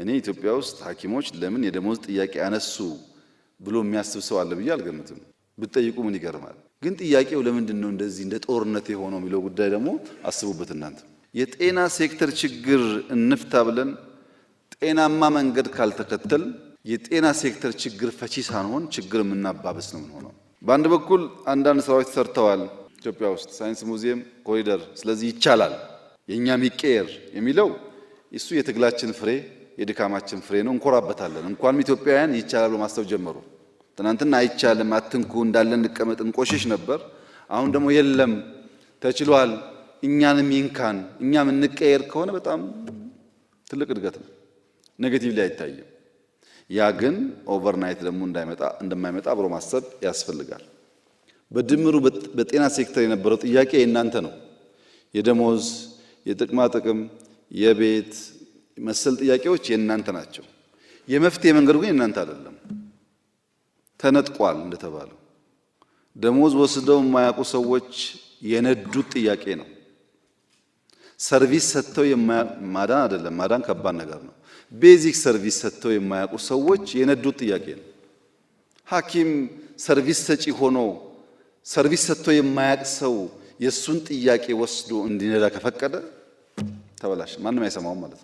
እኔ ኢትዮጵያ ውስጥ ሐኪሞች ለምን የደሞዝ ጥያቄ አነሱ ብሎ የሚያስብ ሰው አለ ብዬ አልገምትም። ብትጠይቁ ምን ይገርማል። ግን ጥያቄው ለምንድን ነው እንደዚህ እንደ ጦርነት የሆነው የሚለው ጉዳይ ደግሞ አስቡበት እናንተ። የጤና ሴክተር ችግር እንፍታ ብለን ጤናማ መንገድ ካልተከተል የጤና ሴክተር ችግር ፈቺ ሳንሆን ችግር የምናባበስ ነው ሆነው። በአንድ በኩል አንዳንድ ስራዎች ተሰርተዋል ኢትዮጵያ ውስጥ ሳይንስ ሙዚየም፣ ኮሪደር። ስለዚህ ይቻላል የእኛም ይቀየር የሚለው እሱ የትግላችን ፍሬ የድካማችን ፍሬ ነው። እንኮራበታለን። እንኳንም ኢትዮጵያውያን ይቻላል ብሎ ማሰብ ጀመሩ። ትናንትና አይቻልም፣ አትንኩ፣ እንዳለን እንቀመጥ፣ እንቆሽሽ ነበር። አሁን ደግሞ የለም፣ ተችሏል፣ እኛንም ይንካን፣ እኛም እንቀየር ከሆነ በጣም ትልቅ እድገት ነው። ኔጌቲቭ ላይ አይታይም። ያ ግን ኦቨርናይት ደግሞ እንደማይመጣ አብሮ ማሰብ ያስፈልጋል። በድምሩ በጤና ሴክተር የነበረው ጥያቄ የእናንተ ነው። የደሞዝ የጥቅማ ጥቅም የቤት መሰል ጥያቄዎች የእናንተ ናቸው። የመፍትሄ መንገዱ ግን የእናንተ አይደለም። ተነጥቋል እንደተባለው ደሞዝ ወስደው የማያውቁ ሰዎች የነዱት ጥያቄ ነው። ሰርቪስ ሰጥተው ማዳን አይደለም፣ ማዳን ከባድ ነገር ነው። ቤዚክ ሰርቪስ ሰጥተው የማያውቁ ሰዎች የነዱት ጥያቄ ነው። ሐኪም ሰርቪስ ሰጪ ሆኖ ሰርቪስ ሰጥቶ የማያውቅ ሰው የእሱን ጥያቄ ወስዶ እንዲነዳ ከፈቀደ ተበላሽ፣ ማንም አይሰማውም ማለት ነው።